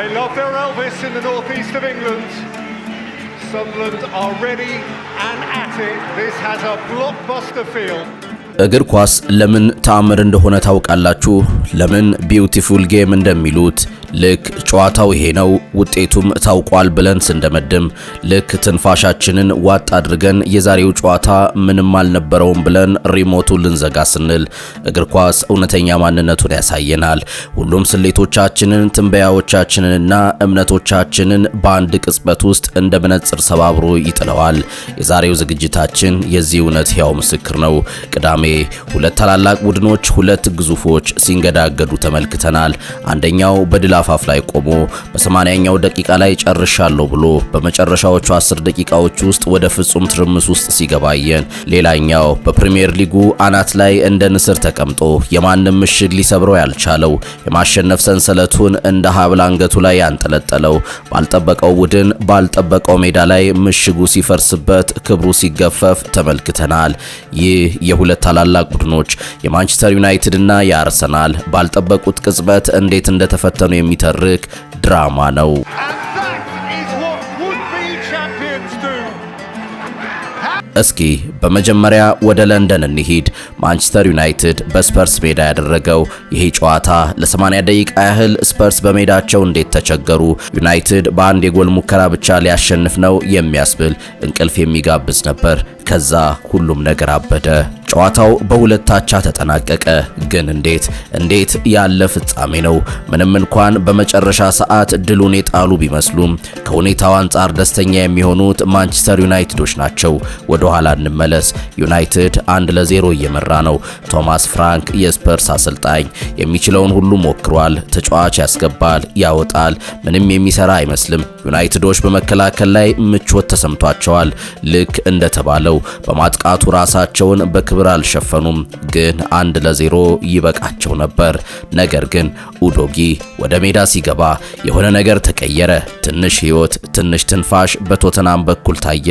They love their Elvis in the northeast of England. Sunderland are ready and at it. This has a blockbuster feel. እግር ኳስ ለምን ተአምር እንደሆነ ታውቃላችሁ? ለምን ቢዩቲፉል ጌም እንደሚሉት ልክ ጨዋታው ይሄ ነው ውጤቱም ታውቋል ብለን ስንደመድም፣ ልክ ትንፋሻችንን ዋጥ አድርገን የዛሬው ጨዋታ ምንም አልነበረውም ብለን ሪሞቱ ልንዘጋ ስንል እግር ኳስ እውነተኛ ማንነቱን ያሳየናል። ሁሉም ስሌቶቻችንን፣ ትንበያዎቻችንንና እምነቶቻችንን በአንድ ቅጽበት ውስጥ እንደ መነጽር ሰባብሮ ይጥለዋል። የዛሬው ዝግጅታችን የዚህ እውነት ሕያው ምስክር ነው። ቅዳሜ ሁለት ታላላቅ ቡድኖች ሁለት ግዙፎች ሲንገዳገዱ ተመልክተናል። አንደኛው በድል አፋፍ ላይ ቆሞ በ80ኛው ደቂቃ ላይ ጨርሻለሁ ብሎ በመጨረሻዎቹ አስር ደቂቃዎች ውስጥ ወደ ፍጹም ትርምስ ውስጥ ሲገባየን፣ ሌላኛው በፕሪሚየር ሊጉ አናት ላይ እንደ ንስር ተቀምጦ የማንም ምሽግ ሊሰብረው ያልቻለው የማሸነፍ ሰንሰለቱን እንደ ሀብል አንገቱ ላይ ያንጠለጠለው ባልጠበቀው ቡድን ባልጠበቀው ሜዳ ላይ ምሽጉ ሲፈርስበት ክብሩ ሲገፈፍ ተመልክተናል። ይህ የሁለት ታላላቅ ቡድኖች የማንቸስተር ዩናይትድ እና የአርሰናል ባልጠበቁት ቅጽበት እንዴት እንደተፈተኑ የሚተርክ ድራማ ነው። እስኪ በመጀመሪያ ወደ ለንደን እንሂድ። ማንቸስተር ዩናይትድ በስፐርስ ሜዳ ያደረገው ይሄ ጨዋታ ለ80 ደቂቃ ያህል ስፐርስ በሜዳቸው እንዴት ተቸገሩ፣ ዩናይትድ በአንድ የጎል ሙከራ ብቻ ሊያሸንፍ ነው የሚያስብል እንቅልፍ የሚጋብዝ ነበር። ከዛ ሁሉም ነገር አበደ። ጨዋታው በሁለት አቻ ተጠናቀቀ። ግን እንዴት እንዴት ያለ ፍጻሜ ነው! ምንም እንኳን በመጨረሻ ሰዓት ድሉን የጣሉ ቢመስሉም ከሁኔታው አንጻር ደስተኛ የሚሆኑት ማንቸስተር ዩናይትዶች ናቸው። ወደ ኋላ እንመለስ። ዩናይትድ አንድ ለዜሮ እየመራ ነው። ቶማስ ፍራንክ የስፐርስ አሰልጣኝ የሚችለውን ሁሉ ሞክሯል። ተጫዋች ያስገባል፣ ያወጣል፣ ምንም የሚሰራ አይመስልም። ዩናይትዶች በመከላከል ላይ ምቾት ተሰምቷቸዋል። ልክ እንደተባለው በማጥቃቱ ራሳቸውን በክብር አልሸፈኑም፣ ግን አንድ ለዜሮ ይበቃቸው ነበር። ነገር ግን ኡዶጊ ወደ ሜዳ ሲገባ የሆነ ነገር ተቀየረ። ትንሽ ህይወት፣ ትንሽ ትንፋሽ በቶተናም በኩል ታየ።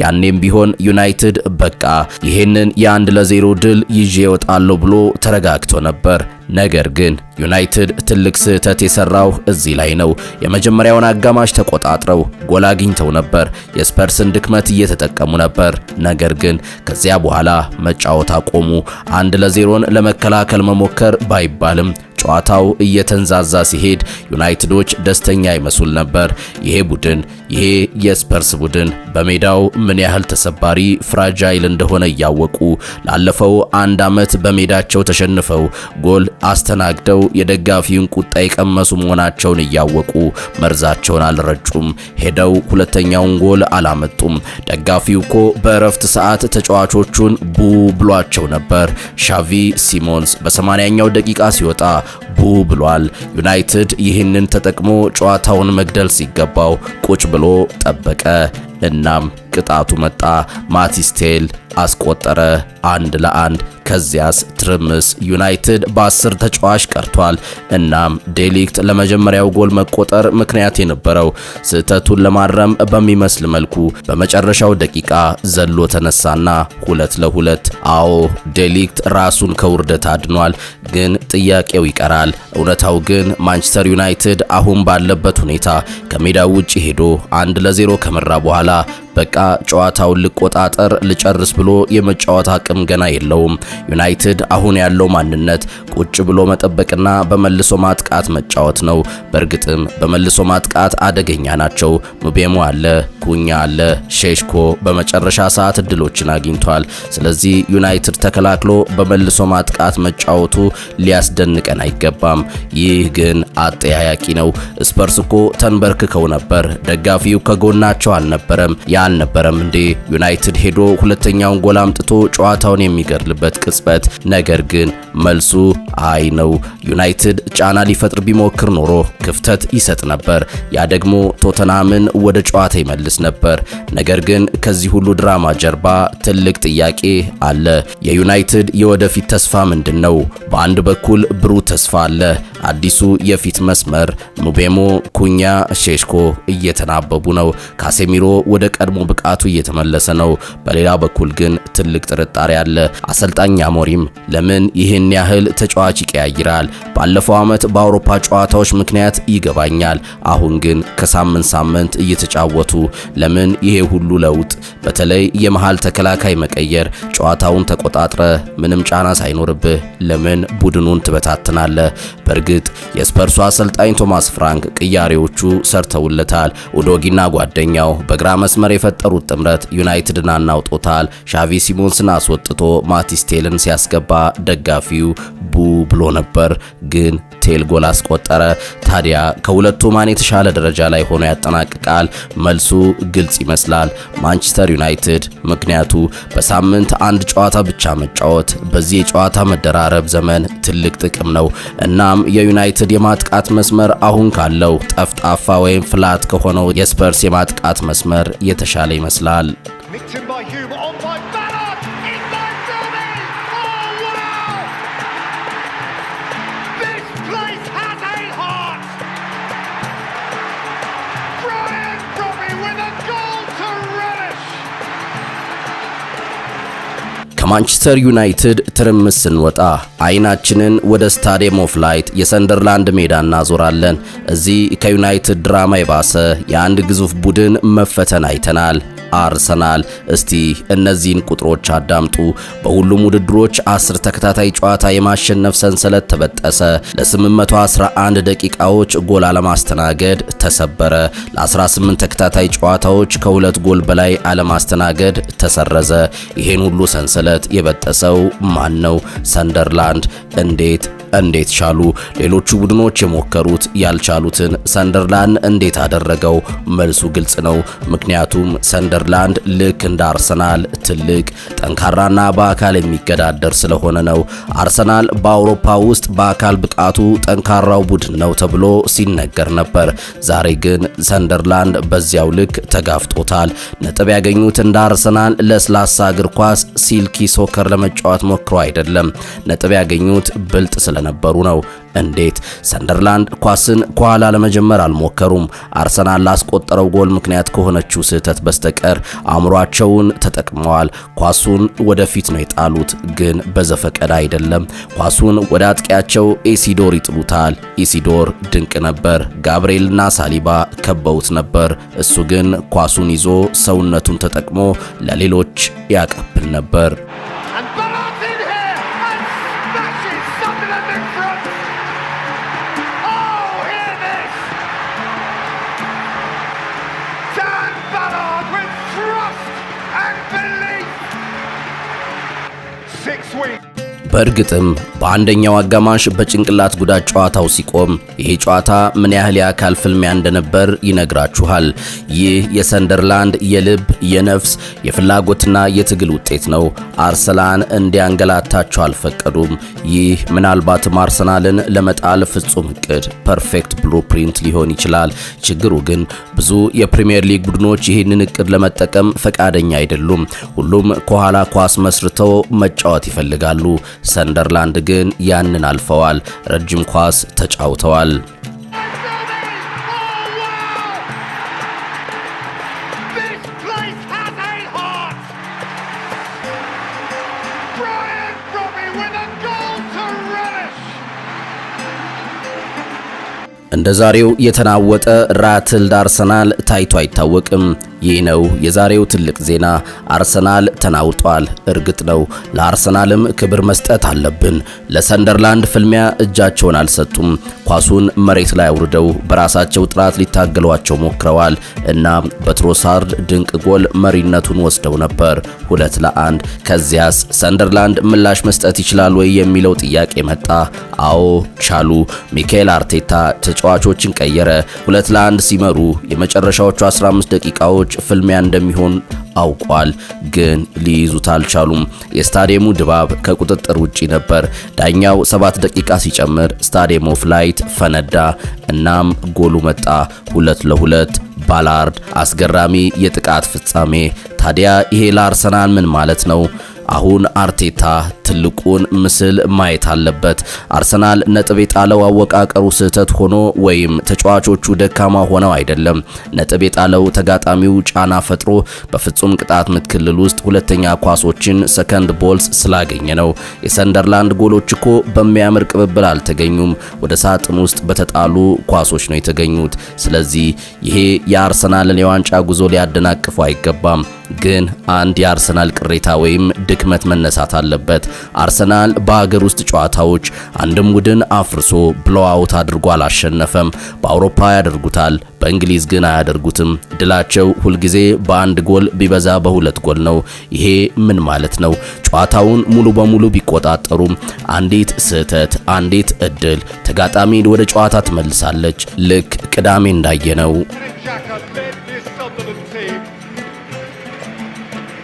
ያኔም ቢሆን ዩናይትድ በቃ ይህንን የአንድ ለዜሮ ድል ይዤ እወጣለሁ ብሎ ተረጋግቶ ነበር። ነገር ግን ዩናይትድ ትልቅ ስህተት የሰራው እዚህ ላይ ነው። የመጀመሪያውን አጋማሽ ተቆጣጥረው ጎል አግኝተው ነበር። የስፐርስን ድክመት እየተጠቀሙ ነበር። ነገር ግን ከዚያ በኋላ መጫወት አቆሙ። አንድ ለዜሮን ለመከላከል መሞከር ባይባልም ጨዋታው እየተንዛዛ ሲሄድ ዩናይትዶች ደስተኛ ይመስል ነበር። ይሄ ቡድን ይሄ የስፐርስ ቡድን በሜዳው ምን ያህል ተሰባሪ ፍራጃይል እንደሆነ እያወቁ ላለፈው አንድ ዓመት በሜዳቸው ተሸንፈው ጎል አስተናግደው የደጋፊውን ቁጣ የቀመሱ መሆናቸውን እያወቁ መርዛቸውን አልረጩም። ሄደው ሁለተኛውን ጎል አላመጡም። ደጋፊው እኮ በእረፍት ሰዓት ተጫዋቾቹን ቡ ብሏቸው ነበር። ሻቪ ሲሞንስ በ80ኛው ደቂቃ ሲወጣ ቡ ብሏል። ዩናይትድ ይህንን ተጠቅሞ ጨዋታውን መግደል ሲገባው ቁጭ ብሎ ጠበቀ። እናም ቅጣቱ መጣ። ማቲስቴል አስቆጠረ። አንድ ለአንድ ከዚያስ ትርምስ። ዩናይትድ በአስር ተጫዋች ቀርቷል። እናም ዴሊክት ለመጀመሪያው ጎል መቆጠር ምክንያት የነበረው ስህተቱን ለማረም በሚመስል መልኩ በመጨረሻው ደቂቃ ዘሎ ተነሳና ሁለት ለሁለት። አዎ ዴሊክት ራሱን ከውርደት አድኗል፣ ግን ጥያቄው ይቀራል። እውነታው ግን ማንቸስተር ዩናይትድ አሁን ባለበት ሁኔታ ከሜዳው ውጭ ሄዶ አንድ ለዜሮ ከመራ በኋላ በቃ ጨዋታውን ልቆጣጠር ልጨርስ ብሎ የመጫወት አቅም ገና የለውም። ዩናይትድ አሁን ያለው ማንነት ቁጭ ብሎ መጠበቅና በመልሶ ማጥቃት መጫወት ነው። በእርግጥም በመልሶ ማጥቃት አደገኛ ናቸው። ሙቤሞ አለ፣ ኩኛ አለ፣ ሼሽኮ በመጨረሻ ሰዓት እድሎችን አግኝቷል። ስለዚህ ዩናይትድ ተከላክሎ በመልሶ ማጥቃት መጫወቱ ሊያስደንቀን አይገባም። ይህ ግን አጠያያቂ ነው። ስፐርስ እኮ ተንበርክከው ነበር። ደጋፊው ከጎናቸው አልነበረም። ያ አልነበረም እንዴ? ዩናይትድ ሄዶ ሁለተኛውን ጎል አምጥቶ ጨዋታውን የሚገርልበት ቅጽበት፣ ነገር ግን መልሱ አይ ነው። ዩናይትድ ጫና ሊፈጥር ቢሞክር ኖሮ ክፍተት ይሰጥ ነበር። ያ ደግሞ ቶተናምን ወደ ጨዋታ ይመልስ ነበር። ነገር ግን ከዚህ ሁሉ ድራማ ጀርባ ትልቅ ጥያቄ አለ። የዩናይትድ የወደፊት ተስፋ ምንድን ነው? በአንድ በኩል ብሩህ ተስፋ አለ። አዲሱ የፊት መስመር ሙቤሞ፣ ኩኛ፣ ሼሽኮ እየተናበቡ ነው። ካሴሚሮ ወደ ቀድሞ ብቃቱ እየተመለሰ ነው። በሌላ በኩል ግን ትልቅ ጥርጣሬ አለ። አሰልጣኝ ሞሪም ለምን ይህን ያህል ተጫዋች ይቀያይራል? ባለፈው ዓመት በአውሮፓ ጨዋታዎች ምክንያት ይገባኛል። አሁን ግን ከሳምንት ሳምንት እየተጫወቱ ለምን ይሄ ሁሉ ለውጥ? በተለይ የመሃል ተከላካይ መቀየር፣ ጨዋታውን ተቆጣጥረ ምንም ጫና ሳይኖርብህ ለምን ቡድኑን ትበታትናለ በእርግጥ የስፐርሱ አሰልጣኝ ቶማስ ፍራንክ ቅያሬዎቹ ሰርተውለታል። ኡዶጊና ጓደኛው በግራ መስመር የፈጠሩት ጥምረት ዩናይትድን አናውጦታል። ሻቪ ሲሞንስን አስወጥቶ ማቲስቴ ቴልን ሲያስገባ ደጋፊው ቡ ብሎ ነበር፣ ግን ቴል ጎል አስቆጠረ። ታዲያ ከሁለቱ ማን የተሻለ ደረጃ ላይ ሆኖ ያጠናቅቃል? መልሱ ግልጽ ይመስላል፣ ማንቸስተር ዩናይትድ። ምክንያቱ በሳምንት አንድ ጨዋታ ብቻ መጫወት በዚህ የጨዋታ መደራረብ ዘመን ትልቅ ጥቅም ነው። እናም የዩናይትድ የማጥቃት መስመር አሁን ካለው ጠፍጣፋ ወይም ፍላት ከሆነው የስፐርስ የማጥቃት መስመር የተሻለ ይመስላል። ከማንቸስተር ዩናይትድ ትርምስ ስንወጣ አይናችንን ወደ ስታዲየም ኦፍ ላይት የሰንደርላንድ ሜዳ እናዞራለን። እዚህ ከዩናይትድ ድራማ የባሰ የአንድ ግዙፍ ቡድን መፈተን አይተናል። አርሰናል። እስቲ እነዚህን ቁጥሮች አዳምጡ። በሁሉም ውድድሮች 10 ተከታታይ ጨዋታ የማሸነፍ ሰንሰለት ተበጠሰ። ለ811 ደቂቃዎች ጎል አለማስተናገድ ተሰበረ። ለ18 ተከታታይ ጨዋታዎች ከሁለት ጎል በላይ አለማስተናገድ ተሰረዘ። ይሄን ሁሉ ሰንሰለት የበጠሰው ማን ነው? ሰንደርላንድ እንዴት እንዴት ቻሉ? ሌሎቹ ቡድኖች የሞከሩት ያልቻሉትን ሰንደርላንድ እንዴት አደረገው? መልሱ ግልጽ ነው። ምክንያቱም ሰንደርላንድ ልክ እንደ አርሰናል ትልቅ፣ ጠንካራና በአካል የሚገዳደር ስለሆነ ነው። አርሰናል በአውሮፓ ውስጥ በአካል ብቃቱ ጠንካራው ቡድን ነው ተብሎ ሲነገር ነበር። ዛሬ ግን ሰንደርላንድ በዚያው ልክ ተጋፍጦታል። ነጥብ ያገኙት እንደ አርሰናል ለስላሳ እግር ኳስ ሲልኪ ሶከር ለመጫወት ሞክሮ አይደለም። ነጥብ ያገኙት ብልጥ ስለ ስለነበሩ ነው። እንዴት ሰንደርላንድ ኳስን ከኋላ ለመጀመር አልሞከሩም? አርሰናል ላስቆጠረው ጎል ምክንያት ከሆነችው ስህተት በስተቀር አእምሯቸውን ተጠቅመዋል። ኳሱን ወደፊት ነው የጣሉት፣ ግን በዘፈቀደ አይደለም። ኳሱን ወደ አጥቂያቸው ኢሲዶር ይጥሉታል። ኢሲዶር ድንቅ ነበር። ጋብርኤልና ሳሊባ ከበውት ነበር። እሱ ግን ኳሱን ይዞ ሰውነቱን ተጠቅሞ ለሌሎች ያቀብል ነበር። በእርግጥም በአንደኛው አጋማሽ በጭንቅላት ጉዳት ጨዋታው ሲቆም ይሄ ጨዋታ ምን ያህል የአካል ፍልሚያ እንደነበር ይነግራችኋል። ይህ የሰንደርላንድ የልብ የነፍስ የፍላጎትና የትግል ውጤት ነው። አርሰናል እንዲያንገላታቸው አልፈቀዱም። ይህ ምናልባትም አርሰናልን ለመጣል ፍጹም እቅድ ፐርፌክት ብሉፕሪንት ሊሆን ይችላል። ችግሩ ግን ብዙ የፕሪምየር ሊግ ቡድኖች ይህንን እቅድ ለመጠቀም ፈቃደኛ አይደሉም። ሁሉም ከኋላ ኳስ መስርተው መጫወት ይፈልጋሉ። ሰንደርላንድ ግን ያንን አልፈዋል። ረጅም ኳስ ተጫውተዋል። እንደ ዛሬው የተናወጠ ራትልድ አርሰናል ታይቶ አይታወቅም። ይህ ነው የዛሬው ትልቅ ዜና። አርሰናል ተናውጧል። እርግጥ ነው ለአርሰናልም ክብር መስጠት አለብን። ለሰንደርላንድ ፍልሚያ እጃቸውን አልሰጡም። ኳሱን መሬት ላይ አውርደው በራሳቸው ጥራት ሊታገሏቸው ሞክረዋል እና በትሮሳርድ ድንቅ ጎል መሪነቱን ወስደው ነበር ሁለት ለአንድ። ከዚያስ ሰንደርላንድ ምላሽ መስጠት ይችላል ወይ የሚለው ጥያቄ መጣ። አዎ ቻሉ። ሚካኤል አርቴታ ተጫዋቾችን ቀየረ። ሁለት ለአንድ ሲመሩ የመጨረሻዎቹ 15 ደቂቃዎች ቡድኖች ፍልሚያ እንደሚሆን አውቋል፣ ግን ሊይዙት አልቻሉም። የስታዲየሙ ድባብ ከቁጥጥር ውጪ ነበር። ዳኛው ሰባት ደቂቃ ሲጨምር ስታዲየም ኦፍ ላይት ፈነዳ። እናም ጎሉ መጣ፣ ሁለት ለሁለት ባላርድ። አስገራሚ የጥቃት ፍጻሜ። ታዲያ ይሄ ለአርሰናል ምን ማለት ነው? አሁን አርቴታ ትልቁን ምስል ማየት አለበት። አርሰናል ነጥብ የጣለው አወቃቀሩ ስህተት ሆኖ ወይም ተጫዋቾቹ ደካማ ሆነው አይደለም። ነጥብ የጣለው ተጋጣሚው ጫና ፈጥሮ በፍጹም ቅጣት ምት ክልል ውስጥ ሁለተኛ ኳሶችን ሰከንድ ቦልስ ስላገኘ ነው። የሰንደርላንድ ጎሎች እኮ በሚያምር ቅብብል አልተገኙም። ወደ ሳጥን ውስጥ በተጣሉ ኳሶች ነው የተገኙት። ስለዚህ ይሄ የአርሰናልን የዋንጫ ጉዞ ሊያደናቅፉ አይገባም። ግን አንድ የአርሰናል ቅሬታ ወይም ድክመት መነሳት አለበት። አርሰናል በሀገር ውስጥ ጨዋታዎች አንድም ቡድን አፍርሶ ብሎአውት አድርጎ አላሸነፈም። በአውሮፓ ያደርጉታል፣ በእንግሊዝ ግን አያደርጉትም። ድላቸው ሁልጊዜ በአንድ ጎል ቢበዛ በሁለት ጎል ነው። ይሄ ምን ማለት ነው? ጨዋታውን ሙሉ በሙሉ ቢቆጣጠሩም አንዲት ስህተት፣ አንዲት እድል ተጋጣሚን ወደ ጨዋታ ትመልሳለች። ልክ ቅዳሜ እንዳየነው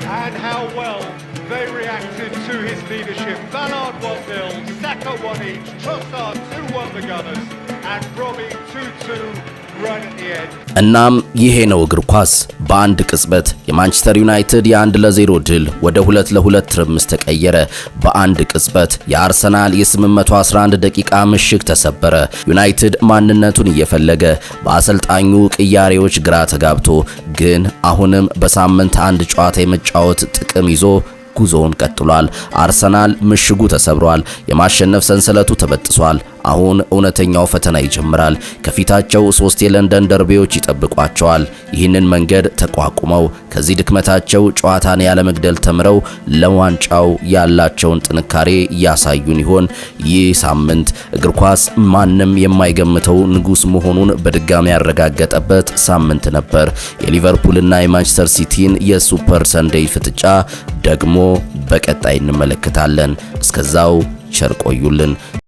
and how well they reacted to his leadership. Ballard 1 0, Saka 1 each, Trossard 2 1 the Gunners, and Robbie 2 2 እናም ይሄ ነው እግር ኳስ። በአንድ ቅጽበት የማንቸስተር ዩናይትድ የአንድ ለዜሮ ድል ወደ ሁለት ለሁለት ትርምስ ተቀየረ። በአንድ ቅጽበት የአርሰናል የ811 ደቂቃ ምሽግ ተሰበረ። ዩናይትድ ማንነቱን እየፈለገ በአሰልጣኙ ቅያሬዎች ግራ ተጋብቶ፣ ግን አሁንም በሳምንት አንድ ጨዋታ የመጫወት ጥቅም ይዞ ጉዞውን ቀጥሏል። አርሰናል ምሽጉ ተሰብሯል። የማሸነፍ ሰንሰለቱ ተበጥሷል። አሁን እውነተኛው ፈተና ይጀምራል። ከፊታቸው ሶስት የለንደን ደርቤዎች ይጠብቋቸዋል። ይህንን መንገድ ተቋቁመው ከዚህ ድክመታቸው ጨዋታን ያለመግደል ተምረው ለዋንጫው ያላቸውን ጥንካሬ ያሳዩን ይሆን? ይህ ሳምንት እግር ኳስ ማንም የማይገምተው ንጉስ መሆኑን በድጋሚ ያረጋገጠበት ሳምንት ነበር። የሊቨርፑልና የማንቸስተር ሲቲን የሱፐር ሰንደይ ፍጥጫ ደግሞ በቀጣይ እንመለከታለን። እስከዛው ቸር ቆዩልን።